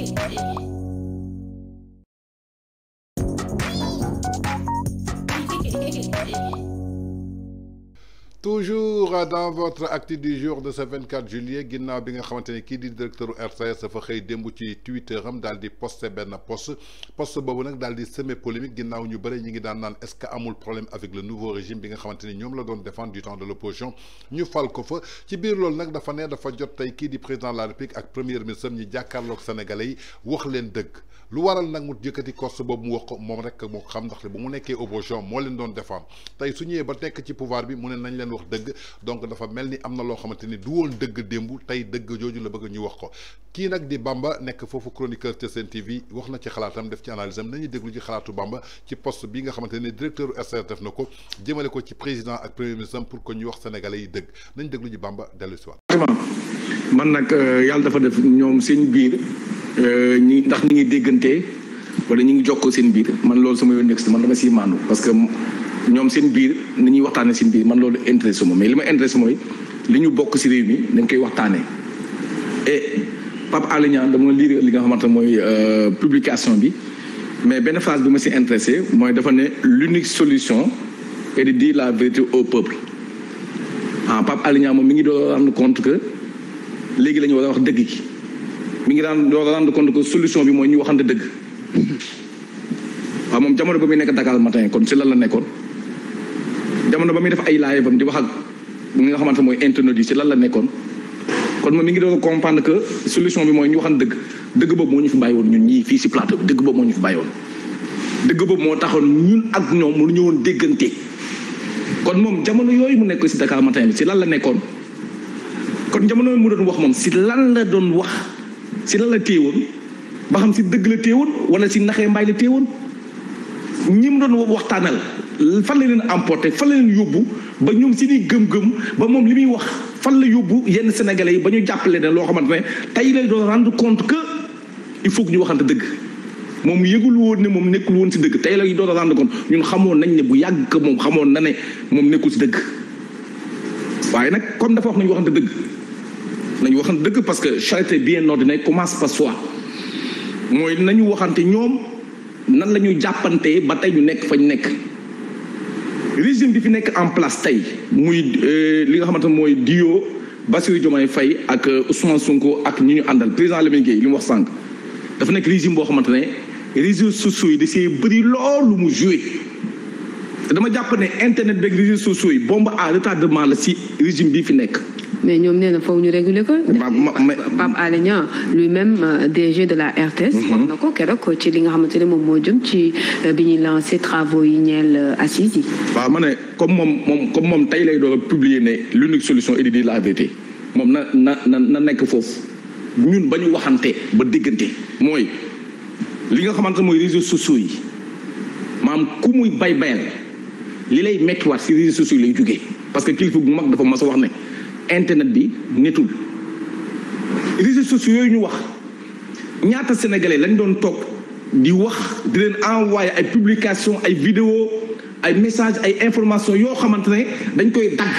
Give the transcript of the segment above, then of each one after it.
Thank you. toujours dans votre acte du jour de ce 24 juillet ginnaaw bi nga dit ne di directeur RCS, dafa xëy démb ci Twitter dans des di posté benn post post dans nag daal di semé polémique ginnaaw ñu bëri ñu ngi daan naan est-ce que problème avec le nouveau régime bi nga xamante la doon défendre du temps de l'opposition ñu fal ko fa ci biir loolu nag dafa ne dafa jot di président de la République ak premier ministre ñi jàkkaarloog sénégalais yi wax leen dëgg lu waral nag mu jëkkati que boobu mu wax ko moom rek moo xam ndax bu mu nekkee opposition moo leen doon défendre tey su ñëwee ba nekk ci pouvoir bi mu ne leen wax dëgg donc dafa mel ni am na loo xamante ni du woon dëgg démb tey dëgg jooju la bëgg ñu wax ko kii nag di Bamba nekk foofu chroniqueur ci Sen TV wax na ci xalaatam def ci analyse am nañuy déglu ci xalaatu Bamba ci poste bi nga xamante ni directeur def na ko jëmale ko ci président ak premier ministre pour que ñu wax sénégalais yi dëgg nañ déglu ji Bamba dellu si waat man nag euh, yàlla dafa def ñoom seen biir euh, ñi ndax ñi ngi déggante wala ñu ngi jokkoo seen biir man loolu sama yoon nekk man dama siy maandu parce ñoom seen biir ni ñuy waxtaanee seen biir man loolu intéressé ma mais li ma intéressé mooy li ñu bokk si réew mi dañ koy waxtaanee. et Pape Alé Niang dama lire li nga xamante ne mooy euh, publication bi mais benn phrase bi ma si intéressé mooy dafa ne l'unique solution est de dire la vérité au peuple ah Pape Alé moom mi ngi doo rendre compte que léegi lañu war a wax dëgg gi mu ngi daan doon rendre compte que solution bi mooy ñu waxante dëgg. waaw moom jamono ba muy nekk Dakar matin kon si lan la nekkoon. jamono ba muy def ay live am di wax ak ñi nga xamantene moy internet yi ci lan la nekkon kon mo mi ngi doon comprendre que solution bi moy ñu waxan deug deug bob mo ñu fi bayiwon ñun ñi fi ci plateau deug bob mo ñu fi bayiwon deug bob mo taxon ñun ak ñom mu ñewon deggante kon mom jamono yoy mu nekk ci Dakar matin ci lan la nekkon kon jamono mu doon wax mom si lan la doon wax si lan la teewon ba xam ci deug la teewon wala ci naxé mbay la teewon ñim doon waxtanal fan la leen emporté fan la leen yóbbu ba ñoom seeni gëm-gëm ba moom li muy wax fan la yóbbu yenn sénégalais yi ba ñu jàppalee ne loo xamante ne tey lay doon rendre compte que il faut que ñu waxante dëgg moom yëgul woon ne moom nekkul woon si dëgg tey lay doon rendre compte ñun xamoon nañ ne bu yàgg que moom xamoon na ne moom nekkul si dëgg waaye nag comme dafa wax nañu waxante dëgg nañu waxante dëgg parce que charité bien ordonnée commence par soi mooy nañu waxante ñoom nan la ñuy jàppante ba tey ñu nekk fañ nekk régime bi fi nekk en place tey muy euh, li nga xamante mooy Dio Bassirou Diomaye fay ak euh, Ousmane Sonko ak ñi ñu àndal président Lamine Gueye li mu wax sànq dafa nekk régime boo xamante ne réseaux sociaux di da see bëri loolu mu joué. dama japp ne internet beeg réseaux sociaux yi bombe à retardement la si régime bi fi nek mais ñom néna na ñu réguler ko. Pape Alé lui-même euh, DG de la RTS. Mhm. wax na ko ci li nga xamante mom mo jëm ci euh, bi lancer travaux yi ñeel euh, assises yi. waaw ma comme mom moom comme mom tay lay do publier né l'unique solution est de la vérité mom na na na na nekk ñun bañu waxanté ba diggante moy li nga xamante moy réseaux sociaux yi maam ku muy bay bayal. Les lay si réseaux sociaux lay parce que kilifa bu mag dafa mos a wax ne internet bi netul réseaux sociaux yooyu ñu wax ñaata sénégalais lañ doon topp di wax di leen envoyé ay publication ay vidéo ay message ay information yoo xamante ne dañ koy dagg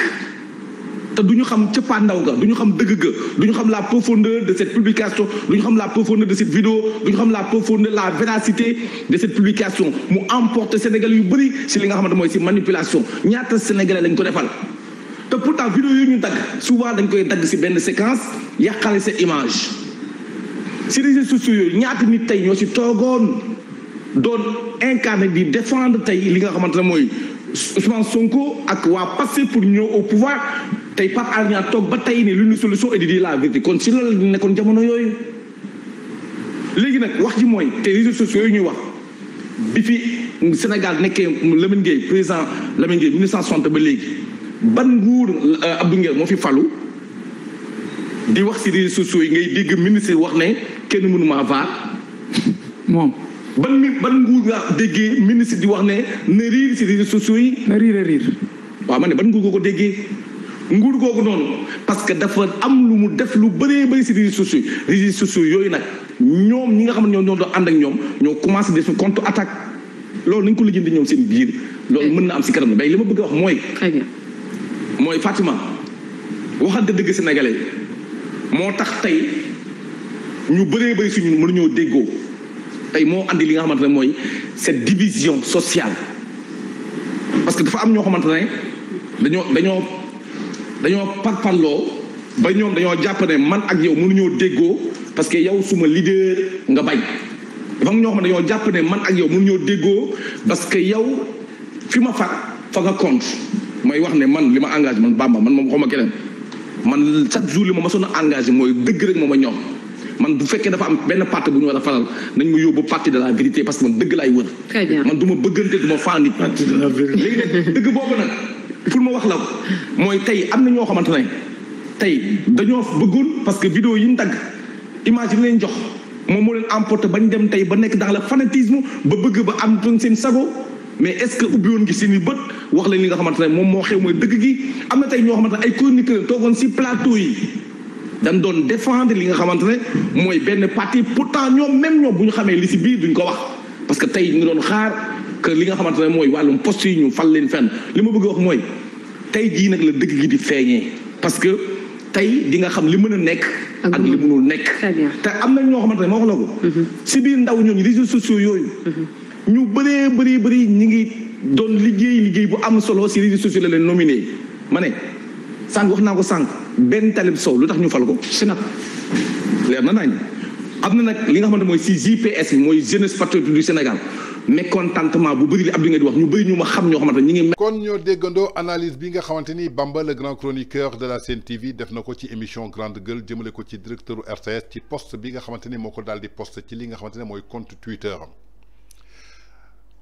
duñu you ci pandaw ga la profondeur de cette publication duñu la profondeur de cette vidéo duñu xam la profondeur la véracité de cette publication mu emporte Sénégal yu ci li nga manipulation ñaata Sénégalais lañ ko defal te pourtant vidéo ñu souvent dañ koy séquence image si réseaux sociaux nit ñoo di défendre li nga Sonko ak passer pour nous au pouvoir tey Pape Alé Niang toog ba tey ne l'unique solution est de dire la vérité kon si loolu nekkoon jamono yooyu léegi nag wax ji mooy te réseaux sociaux yooyu ñuy wax bi fi Sénégal nekkee Lamine Gueye président Lamine Gueye 1960 ba léegi ban nguur euh, Abdou Nguer moo fi falu di wax si réseaux sociaux yi ngay dégg ministre wax ne kenn mënu maa vaar moom ban mi ban nguur nga déggee ministre di wax ne na riir si réseaux sociaux yi na riir a riir waaw ma ne ban nguur nga ko déggee nguur googu noonu parce que dafa am lu mu def lu bëree bëri si réseaux sociaux réseaux yooyu nag ñoom ñi nga xam ne ñoo doon ànd ak ñoom ñoo commencé def compte attaque loolu nañ ko lijjanti ñoom seen biir loolu mën na am si kanam mais li ma bëgg a wax mooy mooy Fatima waxante dëgg sénégalais moo tax tey ñu bëree bëri suñu ñëw déggoo tey moo andi li nga xamante ne mooy cette division sociale parce que dafa am ñoo xamante ne dañoo dañoo dañoo parparloo ba ñoom dañoo jàpp ne man ak yow mënuñoo déggoo parce que yow suma leader nga bañ dafa ñoo xam ne dañoo jàpp ne man ak yow mënuñoo déggoo parce que yow fi ma far fa nga compte mooy wax ne man li ma engagé man Bamba man moom xaw ma keneen man chaque jour li ma mosoon a engagé mooy dëgg rek moo a ñoom man bu fekkee dafa am benn parti bu ñu war a faral nañ ma yóbbu parti de la vérité parce que man dëgg laay wër. man du ma la vérité léegi nag dëgg boobu nag. pour ma wax la mooy tey am na ñoo xamante ne tey dañoo bëggoon parce que vidéo yi ñu dagg image yi leen jox moom moo leen emporté bañ dem tey ba nekk dans le fanatisme ba bëgg ba am doon seen sago mais est-ce que ubbi woon gi seen i bët wax leen li nga xamante ne moom moo xew mooy dëgg gi am na tey ñoo xamante ne ay chroniqueurs toogoon si plateau yi dañ doon défendre li nga xamante ne mooy benn parti pourtant ñoom même ñoom bu ñu xamee li si biir duñ ko wax parce que kër li nga xamante ne mooy wàllum post yi ñu fal leen fen li ma bëgg wax mooy tey jii nag la dëgg gi di feeñee parce que tey di nga xam li mën a nekk. ak li mënul nekk. te am na ñoo xamante ne ma la ko. Mhm. si biir ndaw ñooñu réseaux sociaux yooyu. Mhm. ñu bëree bëri bëri ñi ngi doon liggéey liggéey bu am solo si réseaux leen nominé ma ne sànq wax naa ko sànq benn talib sow lu tax ñu fal ko si nag leer na nañ am na nag li nga xamante mooy si JPS bi mooy jeunesse patriote du Sénégal. mécontentement bu bëri li Abdou di wax ñu bëri ñuma xam ñoo xamanteni ñi ngi. kon ñoo déggandoo analyse bi nga xamanteni Bamba le grand chroniqueur de la Sen TV def na ko ci émission Grande Gueule jëmele ko ci directeur RTS ci poste bi nga xamanteni moko daldi poste ci li nga xamanteni moy compte Twitter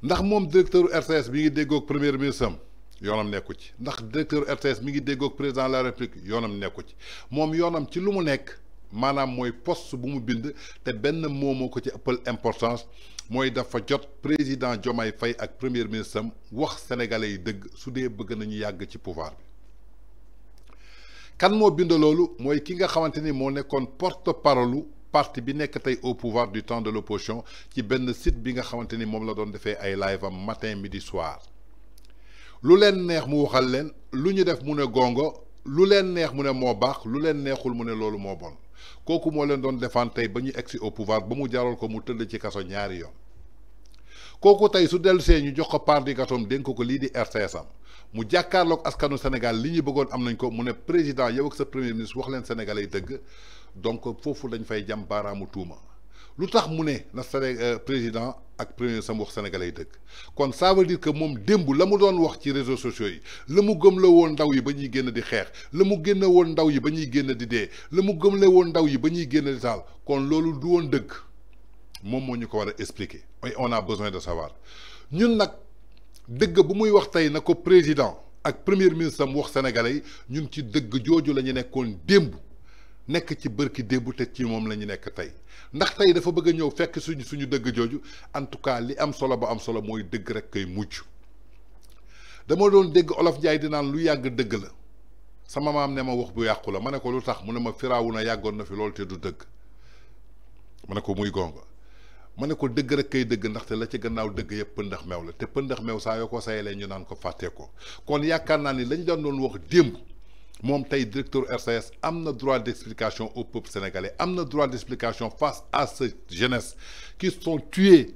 ndax moom directeur RTS mi ngi déggoog premier ministre am yoonam nekku ci ndax directeur RTS mi ngi déggoog président de la république yoonam nekku ci moom yoonam ci lu mu nekk. maanaam mooy poste bu mu bind te benn moomoo ko ci ëppal importance mooy dafa jot président Diomaye fay ak premier ministre am wax sénégalais yi dëgg su dee bëgg nañu yàgg ci pouvoir bi kan moo bind loolu mooy ki nga xamante ni moo nekkoon porte parole parti bi nekk tey au pouvoir du temps de l'opposition ci benn site bi nga xamante ni moom la doon defee ay live am matin midi soir lu leen neex mu waxal leen lu ñu def mu ne gongo lu leen neex mu ne moo baax lu leen neexul mu ne loolu moo bon kooku moo leen doon défendre tey ba ñu egsi au pouvoir ba mu jaral ko mu tëdd ci kaso ñaari yoon kooku tey su dellu dellusee ñu jox ko part du gâteau dénk ko lii di RTS am mu jàkkaarloog askanu Sénégal li ñu bëggoon am nañ ko mu ne président yow ak sa premier ministre wax leen sénégalais yi dëgg donc foofu lañ fay jam baaraamu tuuma. lu tax mu ne na Séné euh, président ak premier ministre wax sénégalais yi kon ça veut dire que mom démb lamu mu doon wax ci réseaux sociaux yi lamu mu won ndaw yi bañuy ñuy génn di xeex lamu mu won ndaw yi bañuy ñuy génn di dé lamu mu won ndaw yi bañuy ñuy génn di taal kon lolu du won dëgg mom moo ñu ko war expliquer on a besoin de savoir ñun nak deug bu muy wax tay nako président ak premier ministre mu wax sénégalais ñun ci deug jooju lañu nekkon nekkoon nekk ci bërki démb te ci moom la ñu nekk tey ndax tey dafa bëgg a ñëw fekk suñu suñu dëgg jooju en tout cas li am solo ba am solo mooy dëgg rek kay mujj dama doon dégg olof Njaay di naan lu yàgg dëgg la sama maam ne ma wax bu yàqu la ma ne ko lu tax mu ne ma firaawu na yàggoon na fi loolu te du dëgg ma ne ko muy gonga ma ne ko dëgg rek kay dëgg ndaxte la ci gannaaw dëgg yëpp pëndax meew la te pëndax meew saa yoo ko sayalee ñu naan ko fàtte ko kon yaakaar naa ni lañ doon doon wax démb Mon directeur RCS am le droit d'explication au peuple sénégalais amna le droit d'explication face à ces jeunesse qui sont tués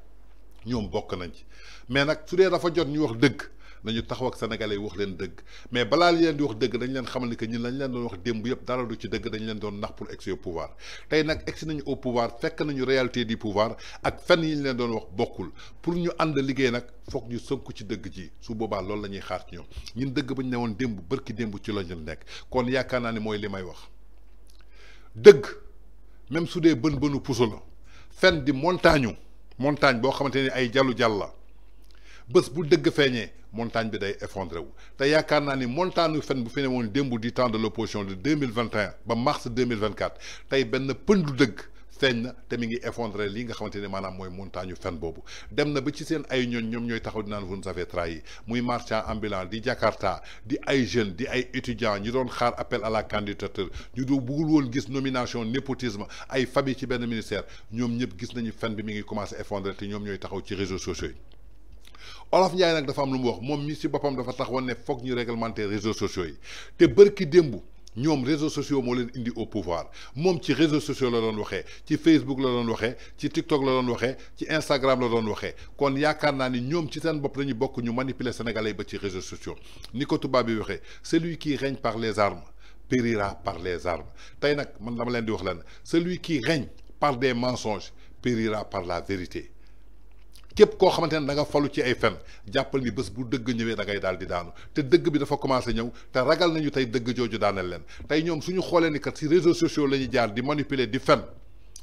ñoom bokk nañ ci mais nag su dee dafa jot ñu wax dëgg nañu taxaw ak sénégalais yi wax leen dëgg mais balaa leen di wax dëgg dañ leen xamal ni que ñin lañ leen doon wax démb yëpp dara du ci dëgg dañ leen doon nax pour egsi au pouvoir tey nag egsi nañu au pouvoir fekk nañu réalité du pouvoir ak fenn yi ñu leen doon wax bokkul pour ñu ànd liggéey nag foog ñu sënku ci dëgg ji su boobaa loolu la ñuy xaar ci ñoom ñun dëgg ba ne woon démb bërki démb ci la ñu nekk kon yaakaar mooy li may même su dee bën bënu puso la fen di montagne montagne boo xamante ni ay jallu jàll la bés bu dëgg feeñee montagne bi day effondré wu te yaakaar naa ni montagne fen bu fi ne woon démb du temps de l' opposition de deux mille vingt et un ba mars deux mille vingt tey benn pëndu dëgg. feeñ na te mi ngi effondré li nga xamante ne maanaam mooy montagne fen boobu dem na ba ci seen ay ñoon ñoom ñooy taxaw di naan vous nous avez trahi muy marchand ambulant di Jakarta di ay jeunes di ay étudiants ñi doon xaar appel à la candidature ñu doon bëggul woon gis nomination népotisme ay famille ci benn ministère ñoom ñëpp gis nañu fen bi mi ngi commencé effondré te ñoom ñooy taxaw ci réseaux sociaux yi. Olof Ndiaye nag dafa am lu mu wax moom mi si boppam dafa taxawoon ne ñu réglementer réseaux sociaux yi te démb. ñom réseaux sociaux mo leen indi au pouvoir mom ci réseaux sociaux la doon waxé ci Facebook la doon waxé ci TikTok la doon waxé ci Instagram la doon waxé kon yaakaar naa ni ñom ci seen bop lañu bokk ñu manipuler sénégalais ba ci réseaux sociaux ni ko bi waxé celui qui règne par les armes périra par les armes tay nak man dama leen di wax lan celui qui règne par des mensonges périra par la vérité képp koo xamante ne da nga falu ci ay fen jàppal ni bés bu dëgg ñëwee da ngay daal di daanu te dëgg bi dafa commencé ñëw te ragal nañu tey dëgg jooju daaneel leen tey ñoom suñu xoolee ni kat si réseaux sociaux la ñuy jaar di manipuler di fen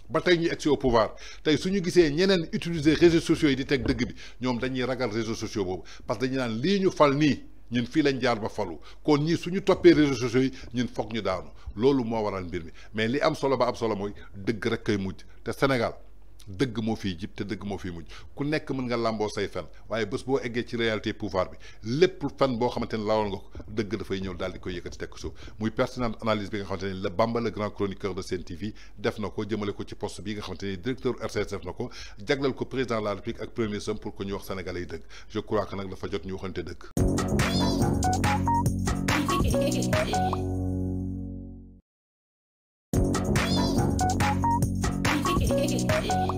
ba tey ñu egsi au pouvoir su ñu gisee ñeneen utiliser réseaux sociaux yi di teg dëgg bi ñoom dañuy ragal réseaux sociaux boobu parce que dañu naan lii ñu fal nii ñun fii lañ jaar ba falu kon ñii suñu toppee réseaux yi ñun foog ñu daanu loolu moo waral mbir mi mais li am solo ba am solo mooy dëgg rek koy mujj te Sénégal dëgg moo fiy jib te dëgg moo fiy mujj ku nekk mën nga làmboo say fen waaye bés boo eggee ci réalité pouvoir bi lépp fen boo xamante ne lawal nga ko dëgg dafay ñëw daal di koy yëkkati teg ko suuf muy pertinente analyse bi nga xamante ne la Bamba le grand chroniqueur de Sen TV def na ko jëmale ko ci post bi nga xamante ne directeur RTS def na ko jaglal ko président de la République ak premier somme pour ko ñu wax sénégalais yi dëgg je crois que nag dafa jot ñu waxante